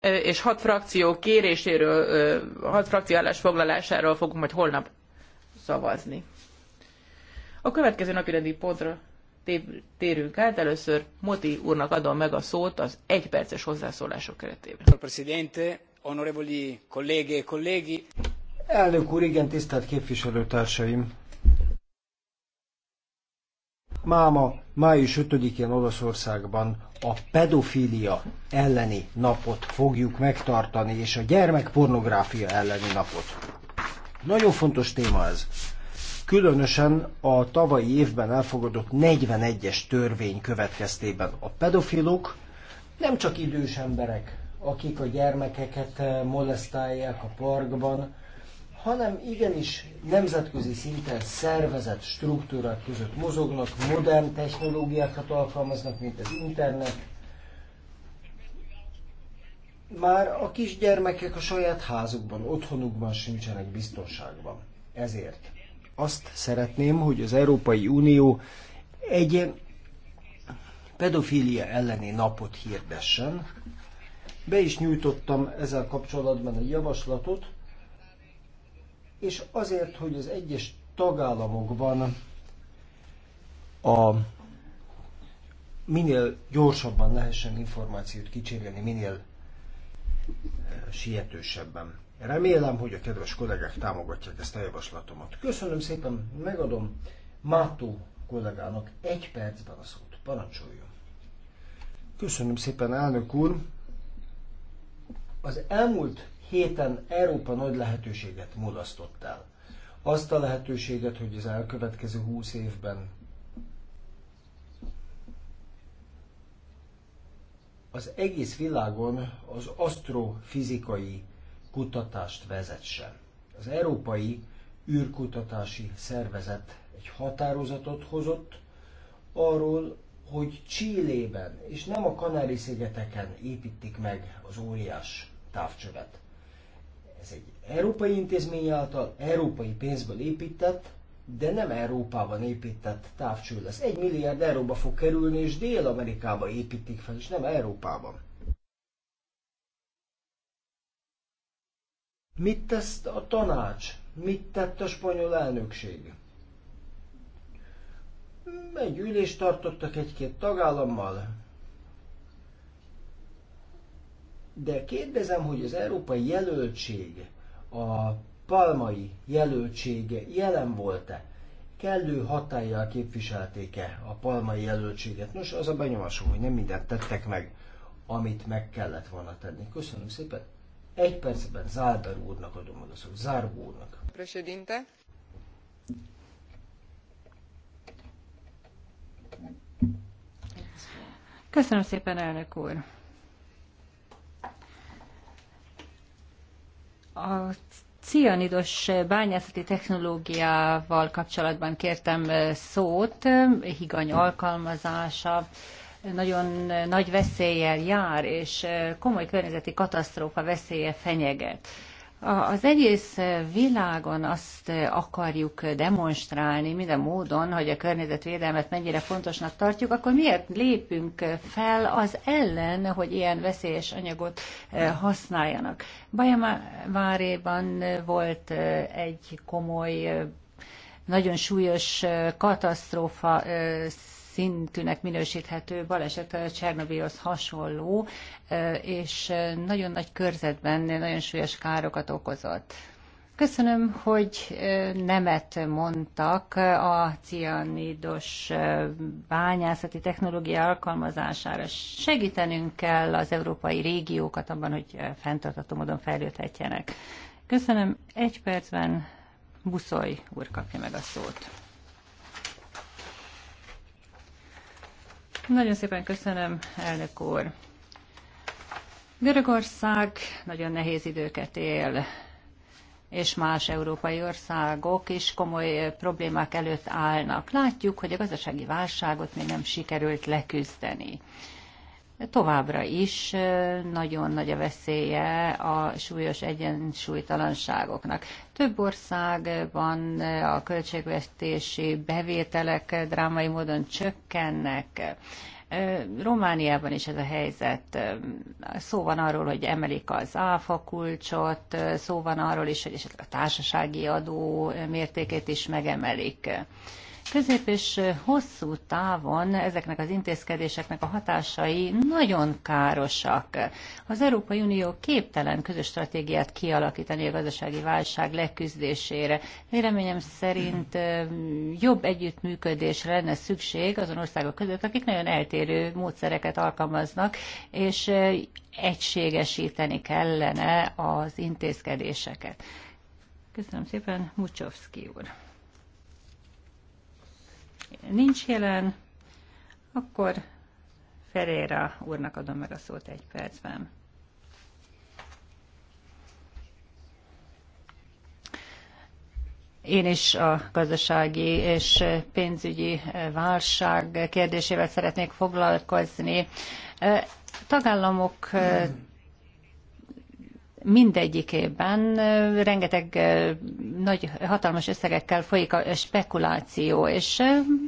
és hat frakció kéréséről, hat frakció állásfoglalásáról fogunk majd holnap szavazni. A következő napirendi pontra térünk át. Először Moti úrnak adom meg a szót az egyperces hozzászólások keretében. Presidente, onorevoli kollégi, kollégi. E Elnök úr, igen, tisztelt képviselőtársaim! máma május 5-én Olaszországban a pedofília elleni napot fogjuk megtartani, és a gyermekpornográfia elleni napot. Nagyon fontos téma ez. Különösen a tavalyi évben elfogadott 41-es törvény következtében a pedofilok nem csak idős emberek, akik a gyermekeket molesztálják a parkban, hanem igenis nemzetközi szinten szervezett struktúrák között mozognak, modern technológiákat alkalmaznak, mint az internet. Már a kisgyermekek a saját házukban, otthonukban sincsenek biztonságban. Ezért azt szeretném, hogy az Európai Unió egy pedofília elleni napot hirdessen. Be is nyújtottam ezzel kapcsolatban egy javaslatot, és azért, hogy az egyes tagállamokban a minél gyorsabban lehessen információt kicserélni, minél eh, sietősebben. Remélem, hogy a kedves kollégák támogatják ezt a javaslatomat. Köszönöm szépen, megadom Mátó kollégának egy percben a szót. Parancsoljon! Köszönöm szépen, elnök úr! Az elmúlt héten Európa nagy lehetőséget mulasztott el. Azt a lehetőséget, hogy az elkövetkező húsz évben az egész világon az asztrofizikai kutatást vezetse. Az Európai űrkutatási szervezet egy határozatot hozott arról, hogy Csillében és nem a Kanári-szigeteken építik meg az óriás távcsövet. Ez egy európai intézmény által, európai pénzből épített, de nem Európában épített távcső lesz. Egy milliárd euróba fog kerülni, és Dél-Amerikába építik fel, és nem Európában. Mit tesz a tanács? Mit tett a spanyol elnökség? Egy ülést tartottak egy-két tagállammal, De kérdezem, hogy az európai jelöltség, a palmai jelöltsége jelen volt-e? Kellő hatállyal képviselték-e a palmai jelöltséget? Nos, az a benyomásom, hogy nem mindent tettek meg, amit meg kellett volna tenni. Köszönöm szépen. Egy percben Zárdar úrnak adom a szót. Zárgó úrnak. Presidente. Köszönöm szépen, elnök úr. a cianidos bányászati technológiával kapcsolatban kértem szót, higany alkalmazása nagyon nagy veszéllyel jár, és komoly környezeti katasztrófa veszélye fenyeget az egész világon azt akarjuk demonstrálni minden módon, hogy a környezetvédelmet mennyire fontosnak tartjuk, akkor miért lépünk fel az ellen, hogy ilyen veszélyes anyagot eh, használjanak? Bajamáréban volt eh, egy komoly eh, nagyon súlyos katasztrófa szintűnek minősíthető baleset Csernobilhoz hasonló, és nagyon nagy körzetben nagyon súlyos károkat okozott. Köszönöm, hogy nemet mondtak a cianidos bányászati technológia alkalmazására. Segítenünk kell az európai régiókat abban, hogy fenntartható módon fejlődhetjenek. Köszönöm. Egy percben Buszoly úr kapja meg a szót. Nagyon szépen köszönöm, elnök úr. Görögország nagyon nehéz időket él, és más európai országok is komoly problémák előtt állnak. Látjuk, hogy a gazdasági válságot még nem sikerült leküzdeni továbbra is nagyon nagy a veszélye a súlyos egyensúlytalanságoknak. Több országban a költségvetési bevételek drámai módon csökkennek. Romániában is ez a helyzet. Szó van arról, hogy emelik az áfa kulcsot, szó van arról is, hogy a társasági adó mértékét is megemelik. Közép és hosszú távon ezeknek az intézkedéseknek a hatásai nagyon károsak. Az Európai Unió képtelen közös stratégiát kialakítani a gazdasági válság leküzdésére. Véleményem szerint jobb együttműködésre lenne szükség azon országok között, akik nagyon eltérő módszereket alkalmaznak, és egységesíteni kellene az intézkedéseket. Köszönöm szépen, Mucsovszki úr nincs jelen, akkor Ferreira úrnak adom meg a szót egy percben. Én is a gazdasági és pénzügyi eh, válság kérdésével szeretnék foglalkozni. Eh, tagállamok eh, mindegyikében rengeteg nagy, hatalmas összegekkel folyik a spekuláció, és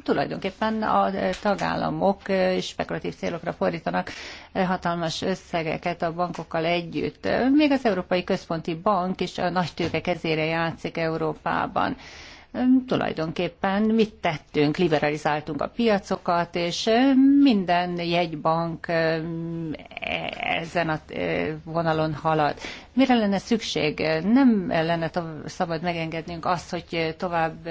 tulajdonképpen a tagállamok spekulatív célokra fordítanak hatalmas összegeket a bankokkal együtt. Még az Európai Központi Bank is a nagy tőke kezére játszik Európában tulajdonképpen mit tettünk, liberalizáltunk a piacokat, és minden jegybank e, ezen a e, vonalon halad. Mire lenne szükség? Nem lenne szabad megengednünk azt, hogy tovább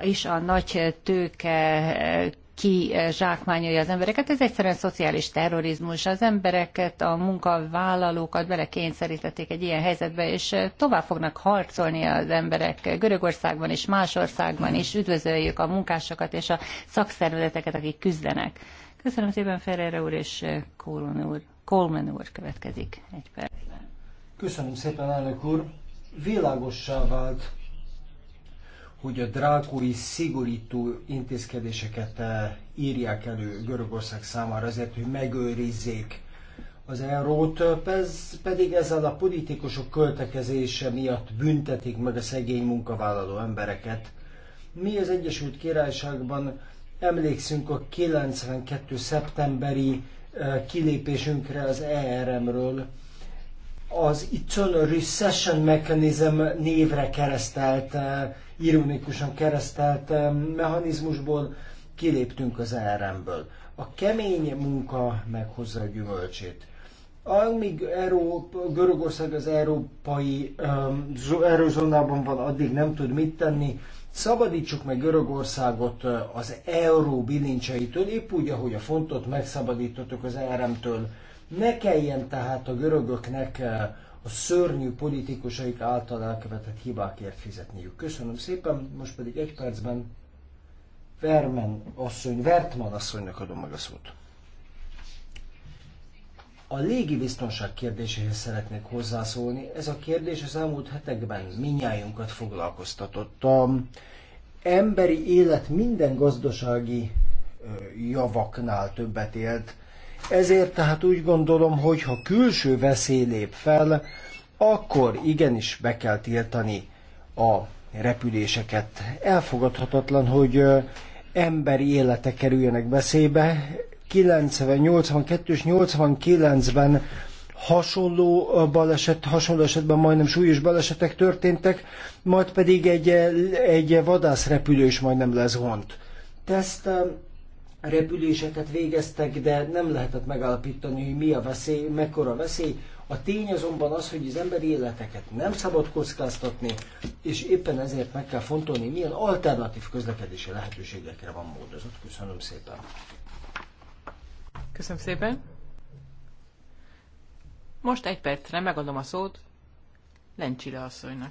is a nagy tőke kizsákmányolja az embereket. Ez egyszerűen szociális terrorizmus. Az embereket, a munkavállalókat kényszerítették egy ilyen helyzetbe, és tovább fognak harcolni az emberek Görögországban és más országban is. Üdvözöljük a munkásokat és a szakszervezeteket, akik küzdenek. Köszönöm szépen Ferreira úr és Coleman úr. Coleman úr következik egy percben. Köszönöm szépen, elnök úr. Világossá vált, hogy a drákói szigorító intézkedéseket eh, írják elő Görögország számára azért, hogy megőrizzék az eurót, ez pedig ezzel a politikusok költekezése miatt büntetik meg a szegény munkavállaló embereket. Mi az Egyesült Királyságban emlékszünk a 92. szeptemberi eh, kilépésünkre az ERM-ről, az Internal Recession Mechanism névre keresztelt, eh, ironikusan keresztelt eh, mechanizmusból kiléptünk az ERM-ből. A kemény munka meghozza a gyümölcsét. Amíg Európa, Görögország az európai eurozónában van, addig nem tud mit tenni. Szabadítsuk meg Görögországot eh, az euró bilincseitől, épp úgy, ahogy a fontot megszabadítottuk az ERM-től ne kelljen tehát a görögöknek eh, a szörnyű politikusaik által elkövetett hibákért fizetniük. Köszönöm szépen, most pedig egy percben Vermen asszony, Vertman asszonynak adom meg a szót. A légi biztonság kérdéséhez szeretnék hozzászólni. Ez a kérdés az elmúlt hetekben minnyájunkat foglalkoztatott. A emberi élet minden gazdasági eh, javaknál többet élt, ezért tehát úgy gondolom, hogy ha külső veszély lép fel, akkor igenis be kell tiltani a repüléseket. Elfogadhatatlan, hogy emberi életek kerüljenek veszélybe. 90, 82 és 89-ben hasonló baleset, hasonló esetben majdnem súlyos balesetek történtek, majd pedig egy, egy vadászrepülő is majdnem lezuhant. Ezt repüléseket végeztek, de nem lehetett megállapítani, hogy mi a veszély, mekkora veszély. A tény azonban az, hogy az emberi életeket nem szabad kockáztatni, és éppen ezért meg kell fontolni, milyen alternatív közlekedési lehetőségekre van módozott. Köszönöm szépen. Köszönöm szépen. Most egy percre megadom a szót Lencsile asszonynak.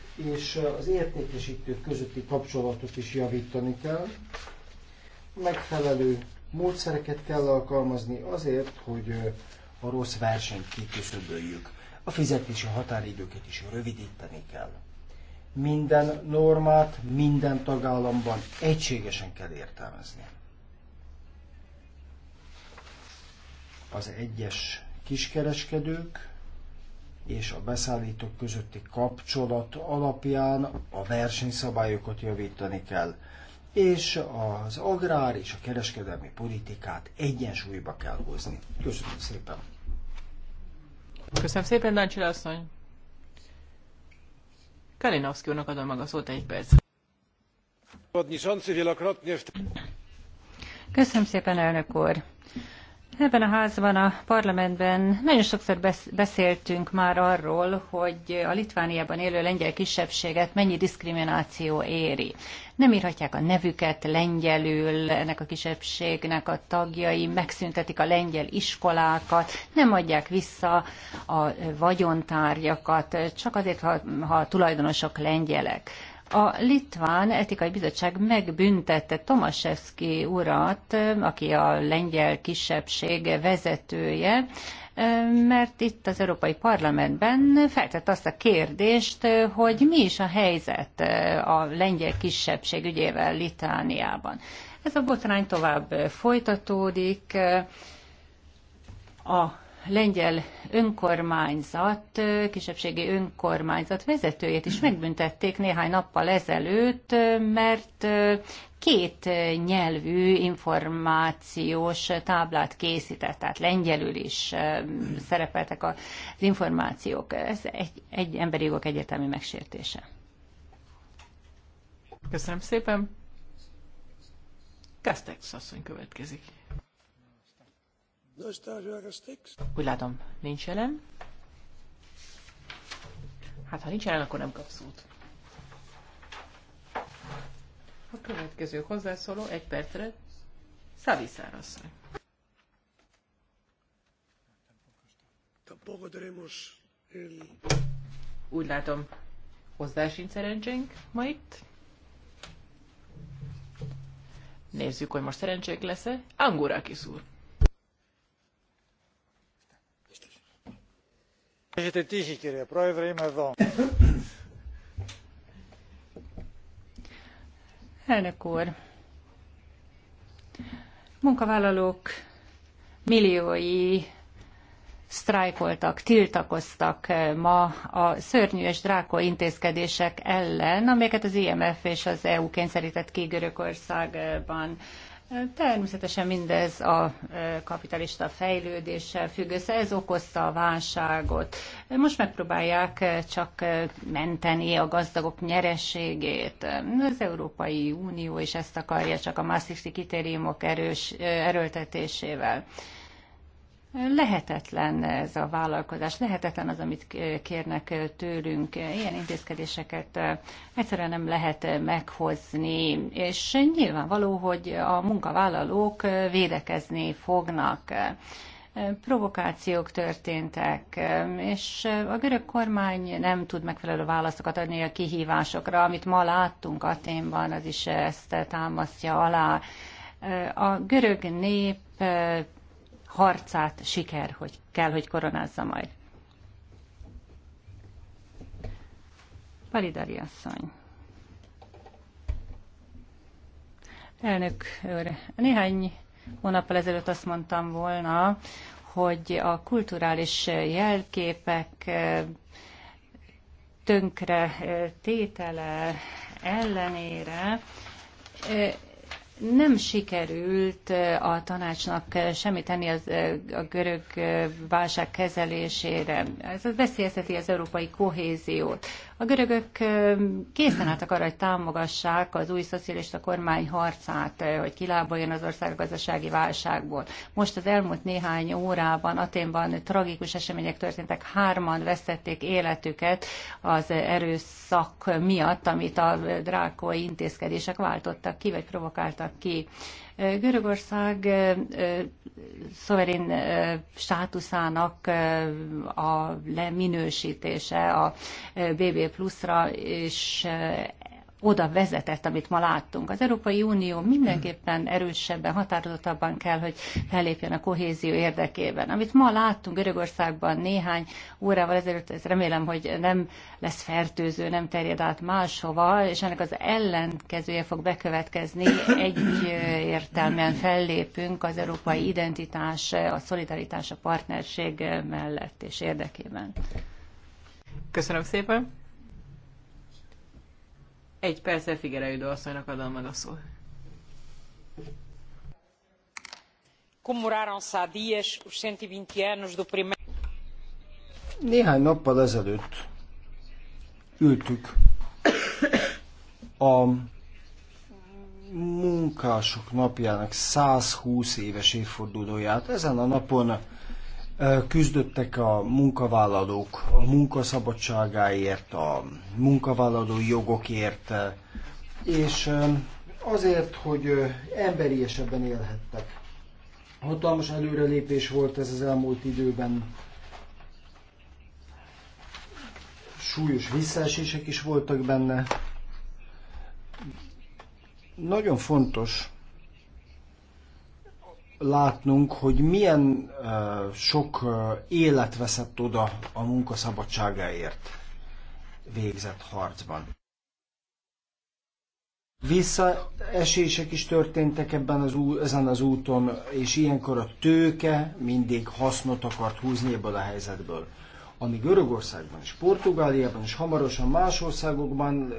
és az értékesítők közötti kapcsolatot is javítani kell. Megfelelő módszereket kell alkalmazni azért, hogy a rossz versenyt kiküszöböljük. A fizetési határidőket is rövidíteni kell. Minden normát minden tagállamban egységesen kell értelmezni. Az egyes kiskereskedők és a beszállítók közötti kapcsolat alapján a versenyszabályokat javítani kell, és az agrár és a kereskedelmi politikát egyensúlyba kell hozni. Köszönöm szépen! Köszönöm szépen, Dáncsi asszony! Kalinowski úrnak adom maga szót egy perc. Köszönöm szépen, elnök úr! Ebben a házban, a parlamentben nagyon sokszor beszéltünk már arról, hogy a Litvániában élő lengyel kisebbséget mennyi diszkrimináció éri. Nem írhatják a nevüket lengyelül ennek a kisebbségnek a tagjai, megszüntetik a lengyel iskolákat, nem adják vissza a vagyontárgyakat, csak azért, ha, ha a tulajdonosok lengyelek. A Litván Etikai Bizottság megbüntette Tomaszewski urat, aki a lengyel kisebbség vezetője, mert itt az Európai Parlamentben feltett azt a kérdést, hogy mi is a helyzet a lengyel kisebbség ügyével Litvániában. Ez a botrány tovább folytatódik. A lengyel önkormányzat, kisebbségi önkormányzat vezetőjét is megbüntették néhány nappal ezelőtt, mert két nyelvű információs táblát készített, tehát lengyelül is szerepeltek az információk. Ez egy, egy emberi jogok egyetemi megsértése. Köszönöm szépen. Kastex asszony következik. Úgy látom, nincs jelen. Hát, ha nincs jelen, akkor nem kapsz szót. A következő hozzászóló egy percre Szaviszár Szárasszony. Úgy látom, hozzá sincs szerencsénk ma itt. Nézzük, hogy most szerencsék lesz-e. Angóra kiszúr. Έχετε τύχει κύριε Πρόεδρε, είμαι εδώ. Elnök úr, munkavállalók milliói sztrájkoltak, tiltakoztak ma a szörnyű és dráko intézkedések ellen, amelyeket az IMF és az EU kényszerített ki Görögországban. Természetesen mindez a e, kapitalista fejlődéssel függ össze, ez okozta a válságot. Most megpróbálják e, csak e, menteni a gazdagok nyerességét. Az Európai Unió is ezt akarja csak a Maastrichti kritériumok erős, erőltetésével lehetetlen ez a vállalkozás, lehetetlen az, amit kérnek tőlünk. Ilyen intézkedéseket egyszerűen nem lehet meghozni, és nyilvánvaló, hogy a munkavállalók védekezni fognak. Provokációk történtek, és a görög kormány nem tud megfelelő válaszokat adni a kihívásokra, amit ma láttunk Aténban, az is ezt támasztja alá. A görög nép harcát siker, hogy kell, hogy koronázza majd. Validari asszony. Elnök őr, néhány hónappal ezelőtt azt mondtam volna, hogy a kulturális jelképek eh, tönkre eh, tétele ellenére eh, nem sikerült a tanácsnak semmit tenni az, a görög válság kezelésére. Ez veszélyezteti az európai kohéziót. A görögök készen álltak arra, hogy támogassák az új szocialista kormány harcát, hogy kilábaljon az ország gazdasági válságból. Most az elmúlt néhány órában Aténban tragikus események történtek, hárman vesztették életüket az erőszak miatt, amit a drákói intézkedések váltottak ki, vagy provokáltak ki. Görögország szoverén státuszának a leminősítése a BB pluszra és oda vezetett, amit ma láttunk. Az Európai Unió mindenképpen erősebben, határozottabban kell, hogy fellépjen a kohézió érdekében. Amit ma láttunk Görögországban néhány órával ezelőtt, ez remélem, hogy nem lesz fertőző, nem terjed át máshova, és ennek az ellenkezője fog bekövetkezni. Egyértelműen fellépünk az európai identitás, a szolidaritás, a partnerség mellett és érdekében. Köszönöm szépen! Egy percet Figerejüdő asszonynak adom meg a szót. 120 e Néhány nappal ezelőtt ültük a munkások napjának 120 éves évfordulóját. Ezen a napon küzdöttek a munkavállalók a munkaszabadságáért, a munkavállalói jogokért, és azért, hogy emberiesebben élhettek. Hatalmas előrelépés volt ez az elmúlt időben. Súlyos visszaesések is voltak benne. Nagyon fontos, látnunk, hogy milyen sok élet veszett oda a munkaszabadságáért végzett harcban. Visszaesések is történtek ebben az ú, ezen az úton, és ilyenkor a tőke mindig hasznot akart húzni ebből a helyzetből. Ami Görögországban és Portugáliában és hamarosan más országokban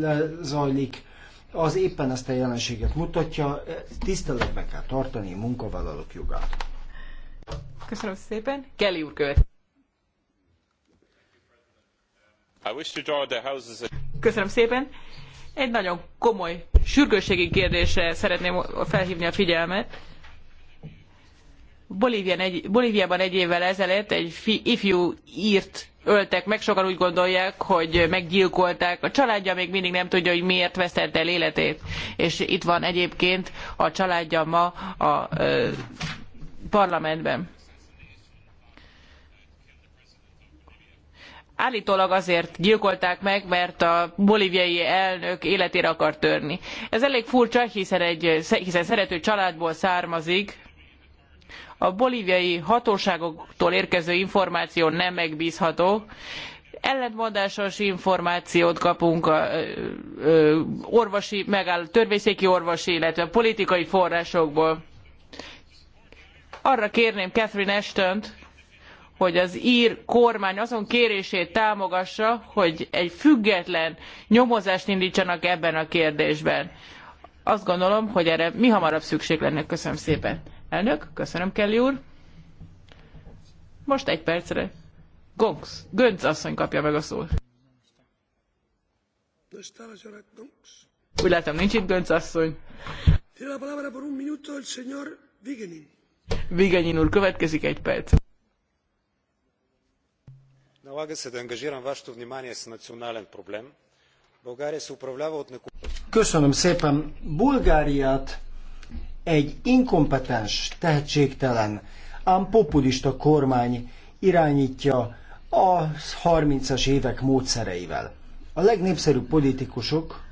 lezajlik, le, az éppen ezt a jelenséget mutatja, e, tiszteletbe kell tartani a munkavállalók jogát. Köszönöm szépen. Kelly úr követ. Köszönöm szépen. Egy nagyon komoly sürgősségi kérdésre szeretném felhívni a figyelmet. Bolívia egy, Bolíviában egy évvel ezelőtt egy fi, ifjú írt öltek meg, sokan úgy gondolják, hogy meggyilkolták. A családja még mindig nem tudja, hogy miért vesztette el életét. És itt van egyébként a családja ma a ö, parlamentben. állítólag azért gyilkolták meg, mert a bolíviai elnök életére akar törni. Ez elég furcsa, hiszen, egy, hiszen szerető családból származik, a bolíviai hatóságoktól érkező információ nem megbízható, ellentmondásos információt kapunk a ö, ö, orvosi, megáll, törvényszéki orvosi, illetve politikai forrásokból. Arra kérném Catherine ashton hogy az ír kormány azon kérését támogassa, hogy egy független nyomozást indítsanak ebben a kérdésben. Azt gondolom, hogy erre mi hamarabb szükség lenne. Köszönöm szépen. Elnök, köszönöm, Kelly úr. Most egy percre. Gonks, Gönc asszony kapja meg a szót. Úgy látom, nincs itt Gönc asszony. Vigenin úr, következik egy perc. Köszönöm szépen. Bulgáriát egy inkompetens, tehetségtelen, ám populista kormány irányítja a 30-as évek módszereivel. A legnépszerűbb politikusok,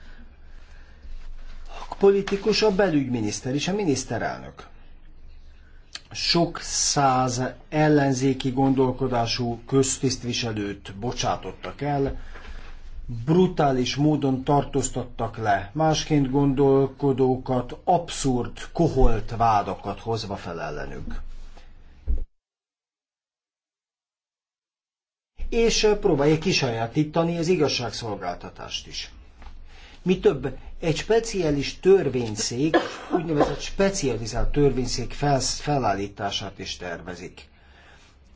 a politikus a belügyminiszter és a miniszterelnök. Sok száz ellenzéki gondolkodású köztisztviselőt bocsátottak el, brutális módon tartóztattak le, másként gondolkodókat, abszurd, koholt vádakat hozva fel ellenük. És próbálja kisajátítani az igazságszolgáltatást is. Mi több, egy speciális törvényszék, úgynevezett specializált törvényszék felsz, felállítását is tervezik.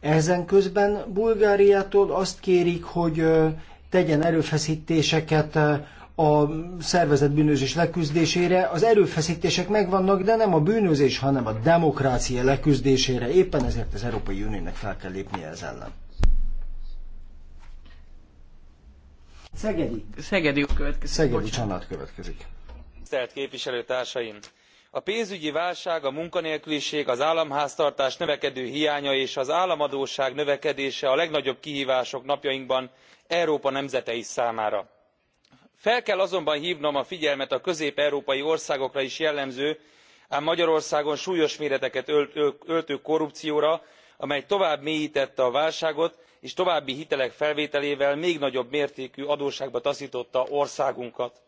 Ezen közben Bulgáriától azt kérik, hogy tegyen erőfeszítéseket eh, a szervezett bűnözés leküzdésére. Az erőfeszítések megvannak, de nem a bűnözés, hanem a demokrácia leküzdésére. Éppen ezért az Európai Uniónak fel kell lépnie ez ellen. Szegedi. Szegedi következik. Szegedi csanát család következik. Tisztelt képviselőtársaim! a pénzügyi válság a munkanélküliség az államháztartás növekedő hiánya és az államadósság növekedése a legnagyobb kihvások napjainkban európa nemzetei számára. fel kell azonban hvnom a figyelmet a közép európai országokra is jellemző ám magyarországon súlyos méreteket öltő korrupcióra amely tovább mélytette a válságot és további hitelek felvételével még nagyobb mértékű adósságba tasztotta országunkat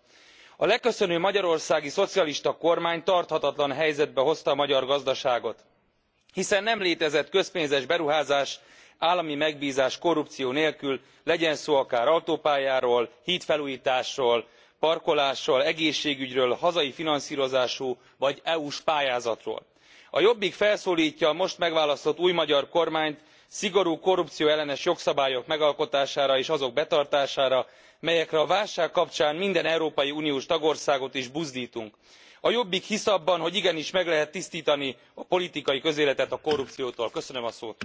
a leköszönő magyarországi szocialista kormány tarthatatlan helyzetbe hozta a magyar gazdaságot hiszen nem létezett közpénzes beruházás állami megbzás korrupció nélkül legyen szó akár autópályáról hdfelújtásról parkolásról egészségügyről hazai finanszrozású vagy eu s pályázatról. a jobbik felszóltja a most megválasztott új magyar kormányt szigorú korrupcióellenes jogszabályok megalkotására és azok betartására melyekre a válság kapcsán minden európai uniós tagországot is buzdtunk. a jobbik hisz abban hogy igenis meg lehet tiszttani a politikai közéletet a korrupciótól. köszönöm a szót.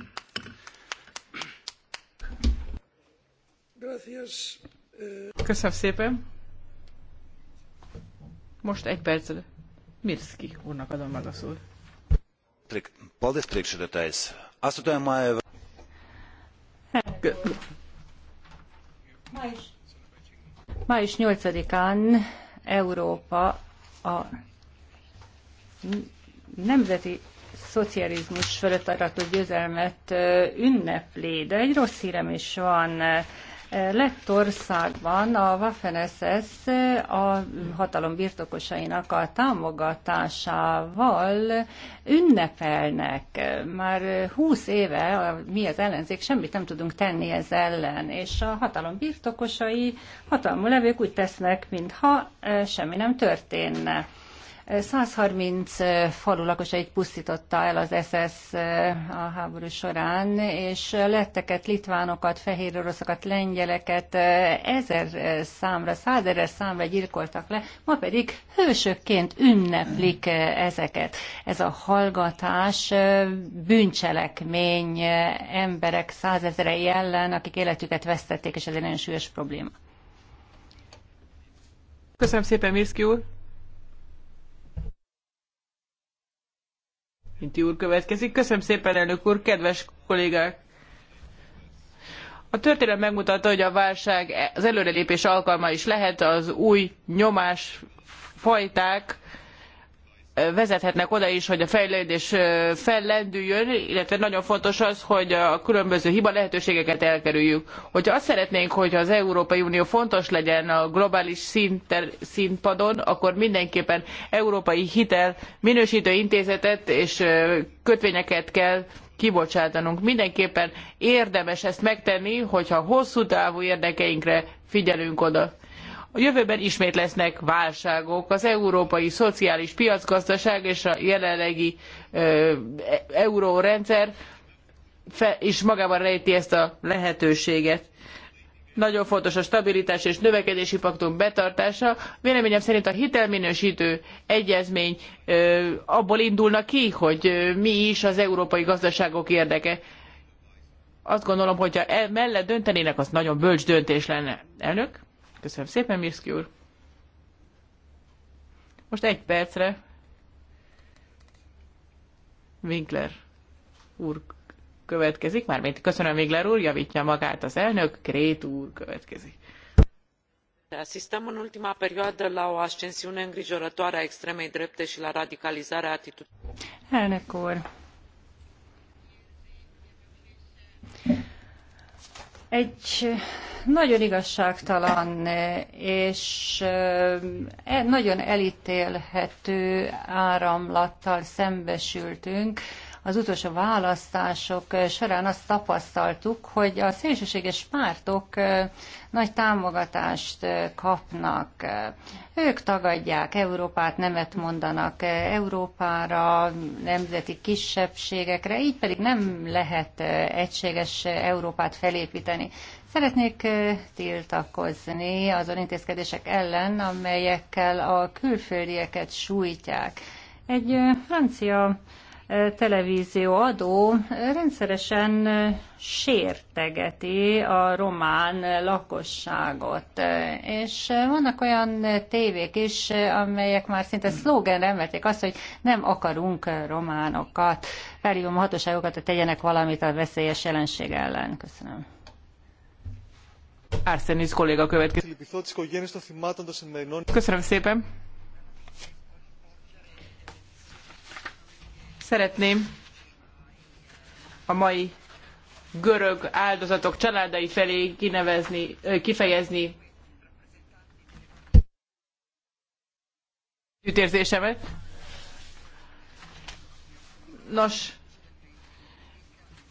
Köszönöm szépen. Most egy a Május 8-án Európa a nemzeti szocializmus fölött aratott győzelmet ünnepli, de egy rossz hírem is van. Lettországban a Waffen SS a hatalom birtokosainak a támogatásával ünnepelnek. Már húsz éve mi az ellenzék semmit nem tudunk tenni ez ellen, és a hatalom birtokosai, hatalmú levők úgy tesznek, mintha eh, semmi nem történne. 130 falu lakosait pusztította el az SS a háború során, és letteket, litvánokat, fehér oroszokat, lengyeleket ezer számra, százezer számra gyilkoltak le, ma pedig hősökként ünneplik ezeket. Ez a hallgatás bűncselekmény emberek százezerei ellen, akik életüket vesztették, és ez egy nagyon súlyos probléma. Köszönöm szépen, Mirszki úr! Minti úr következik. Köszönöm szépen, elnök úr, kedves kollégák! A történet megmutatta, hogy a válság az előrelépés alkalma is lehet, az új nyomás fajták vezethetnek oda is, hogy a fejlődés fellendüljön, illetve nagyon fontos az, hogy a különböző hiba lehetőségeket elkerüljük. Hogyha azt szeretnénk, hogy az Európai Unió fontos legyen a globális szinten, színpadon, akkor mindenképpen európai hitel minősítő intézetet és kötvényeket kell kibocsátanunk. Mindenképpen érdemes ezt megtenni, hogyha hosszú távú érdekeinkre figyelünk oda a jövőben ismét lesznek válságok. Az európai szociális piacgazdaság és a jelenlegi ö, eurórendszer is magában rejti ezt a lehetőséget. Nagyon fontos a stabilitás és növekedési paktum betartása. Véleményem szerint a hitelminősítő egyezmény abból indulna ki, hogy mi is az európai gazdaságok érdeke azt gondolom, hogyha e mellett döntenének, az nagyon bölcs döntés lenne. Elnök? Köszönöm szépen, Mirszki úr. Most egy percre Winkler úr következik, mármint köszönöm Winkler úr, javítja magát az elnök, Krét úr következik. Asistăm în ultima perioadă la o ascensiune îngrijorătoare a extremei drepte și la radicalizarea atitudinii. Elnök úr. Egy nagyon igazságtalan és eh, e, nagyon elítélhető áramlattal szembesültünk. Az utolsó választások eh, során azt tapasztaltuk, hogy a szélsőséges pártok eh, nagy támogatást kapnak. Ők tagadják Európát, nemet mondanak Európára, nemzeti kisebbségekre, így pedig nem lehet egységes Európát felépíteni. Szeretnék tiltakozni azon intézkedések ellen, amelyekkel a külföldieket sújtják. Egy francia televízió adó rendszeresen sértegeti a román lakosságot. És vannak olyan tévék is, amelyek már szinte szlógenre emelték azt, hogy nem akarunk románokat. Felhívom a hatóságokat, hogy tegyenek valamit a veszélyes jelenség ellen. Köszönöm. Arsenis kolléga következik. Köszönöm szépen. Szeretném a mai görög áldozatok családai felé kinevezni, kifejezni ütérzésemet. Nos,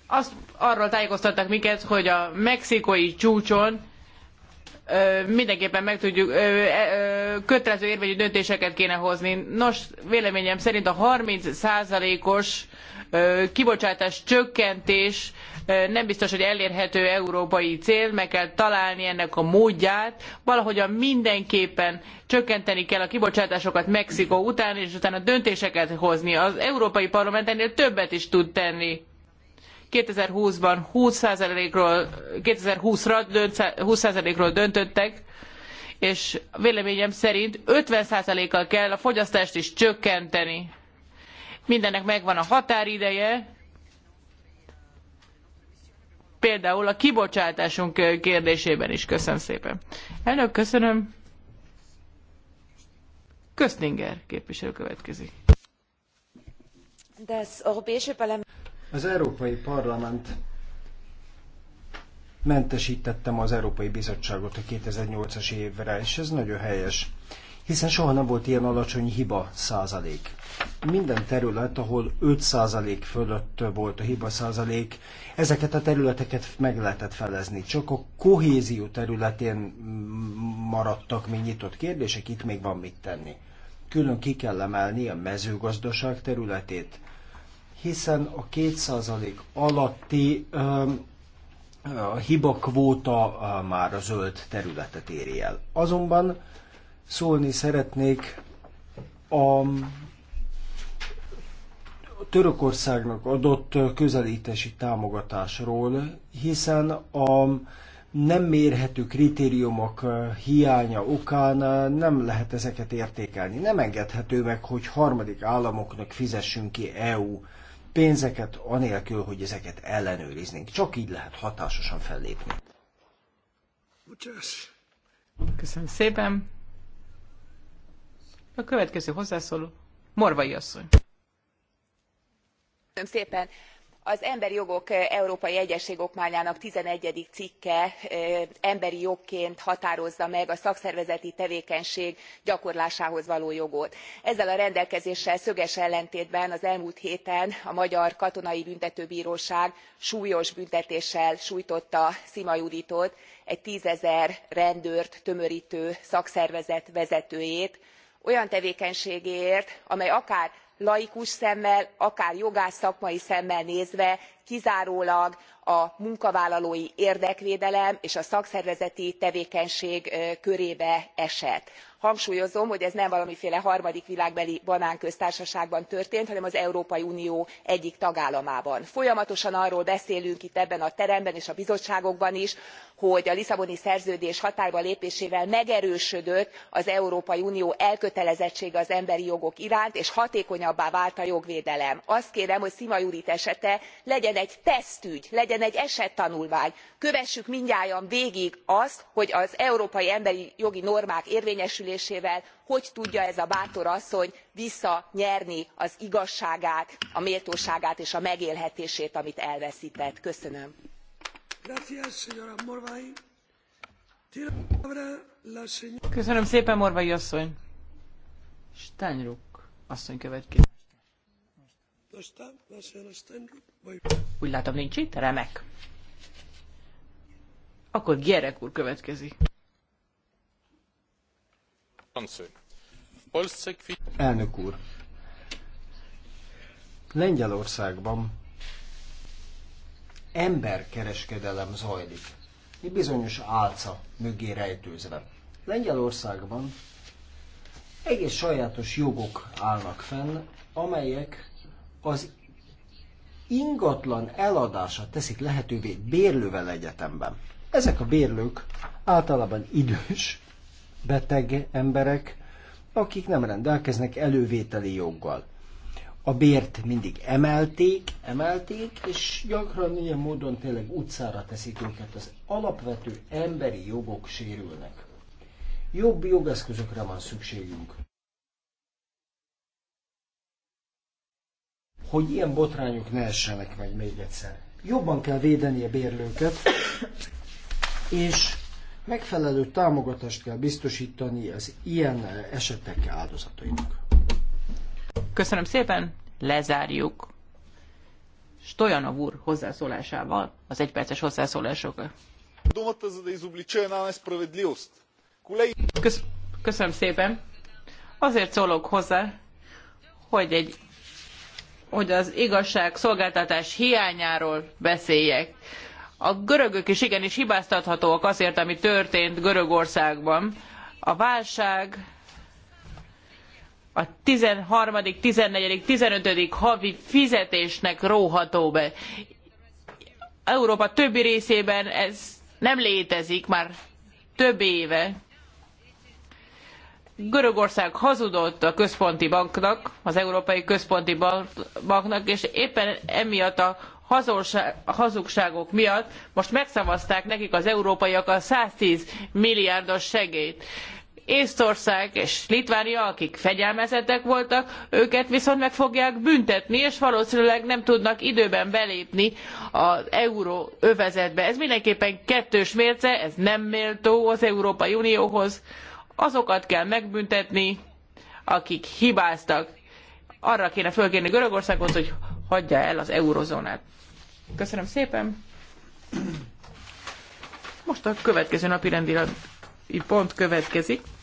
azt arról tájékoztattak minket, hogy a mexikói csúcson ö, mindenképpen meg tudjuk, ö, e, ö, kötelező érvényű döntéseket kéne hozni. Nos, véleményem szerint a 30%-os kibocsátás csökkentés nem biztos, hogy elérhető európai cél, meg kell találni ennek a módját. Valahogyan mindenképpen csökkenteni kell a kibocsátásokat Mexikó után, és utána döntéseket hozni. Az Európai Parlament ennél többet is tud tenni 2020-ban 20%-ról, 2020-ra döntöttek, és véleményem szerint 50%-kal kell a fogyasztást is csökkenteni. Mindennek megvan a határideje, például a kibocsátásunk kérdésében is. Köszönöm szépen. Elnök, köszönöm. Köszninger képviselő következik. Az Európai Parlament mentesítettem az Európai Bizottságot a 2008-as évre, és ez nagyon helyes, hiszen soha nem volt ilyen alacsony hiba százalék. Minden terület, ahol 5 százalék fölött volt a hiba százalék, ezeket a területeket meg lehetett felezni. Csak a kohézió területén maradtak még nyitott kérdések, itt még van mit tenni. Külön ki kell emelni a mezőgazdaság területét, hiszen a 2% alatti um, a hibakvóta már a zöld területet éri el. Azonban szólni szeretnék a Törökországnak adott közelítési támogatásról, hiszen a nem mérhető kritériumok hiánya okán nem lehet ezeket értékelni. Nem engedhető meg, hogy harmadik államoknak fizessünk ki EU pénzeket, anélkül, hogy ezeket ellenőriznénk. Csak így lehet hatásosan fellépni. Köszönöm szépen. A következő hozzászóló, Morvai asszony. Köszönöm szépen az emberi jogok eh, európai egyezség okmányának eleven cikke eh, emberi jogként határozza meg a szakszervezeti tevékenység gyakorlásához való jogot. ezzel a rendelkezéssel szöges ellentétben az elmúlt héten a magyar katonai büntetőbróság súlyos büntetéssel sújtotta szima juditot egy tzezer rendőrt tömörtő szakszervezet vezetőjét olyan tevékenységéért amely akár laikus szemmel akár jogász szakmai szemmel nézve kizárólag a munkavállalói érdekvédelem és a szakszervezeti tevékenység körébe esett. hangsúlyozom hogy ez nem valamiféle harmadik világbeli banánköztársaságban történt hanem az európai unió egyik tagállamában. folyamatosan arról beszélünk itt ebben a teremben és a bizottságokban is hogy a lisszaboni szerződés hatálybalépésével megerősödött az európai unió elkötelezettsége az emberi jogok iránt és hatékonyabbá vált a jogvédelem. azt kérem hogy szima judit esete legyen egy tesztügy legyen egy esettanulmány kövessük mindnyájan végig azt hogy az európai emberi jogi normák érvényesülésével hogy tudja ez a bátor asszony visszanyerni az igazságát a méltóságát és a megélhetését amit elvesztett. köszönöm. Köszönöm szépen, Morvai asszony. Steinruck asszony következik. Úgy látom, nincs itt? Remek. Akkor Gyerek úr következik. Elnök úr, Lengyelországban emberkereskedelem zajlik, egy bizonyos álca mögé rejtőzve. Lengyelországban egész sajátos jogok állnak fenn, amelyek az ingatlan eladása teszik lehetővé bérlővel egyetemben. Ezek a bérlők általában idős, beteg emberek, akik nem rendelkeznek elővételi joggal a bért mindig emelték, emelték, és gyakran ilyen módon tényleg utcára teszik őket. Az alapvető emberi jogok sérülnek. Jobb jogeszközökre van szükségünk. Hogy ilyen botrányok ne essenek meg még egyszer. Jobban kell védeni a bérlőket, és megfelelő támogatást kell biztosítani az ilyen esetek áldozatainak. Köszönöm szépen, lezárjuk Stojanov úr hozzászólásával, az egyperces hozzászólásokat. Kösz, köszönöm szépen. Azért szólok hozzá, hogy egy hogy az igazság szolgáltatás hiányáról beszéljek. A görögök is igenis hibáztathatóak azért, ami történt Görögországban. A válság a 13., 14., 15. havi fizetésnek róható be. Európa többi részében ez nem létezik már több éve. Görögország hazudott a központi banknak, az Európai Központi Banknak, és éppen emiatt a hazugságok miatt most megszavazták nekik az európaiak a 110 milliárdos segélyt. Észtország és Litvánia, akik fegyelmezettek voltak, őket viszont meg fogják büntetni, és valószínűleg nem tudnak időben belépni az euró övezetbe. Ez mindenképpen kettős mérce, ez nem méltó az Európai Unióhoz. Azokat kell megbüntetni, akik hibáztak. Arra kéne fölkérni Görögországot, hogy hagyja el az eurozónát. Köszönöm szépen! Most a következő napi rendi pont következik.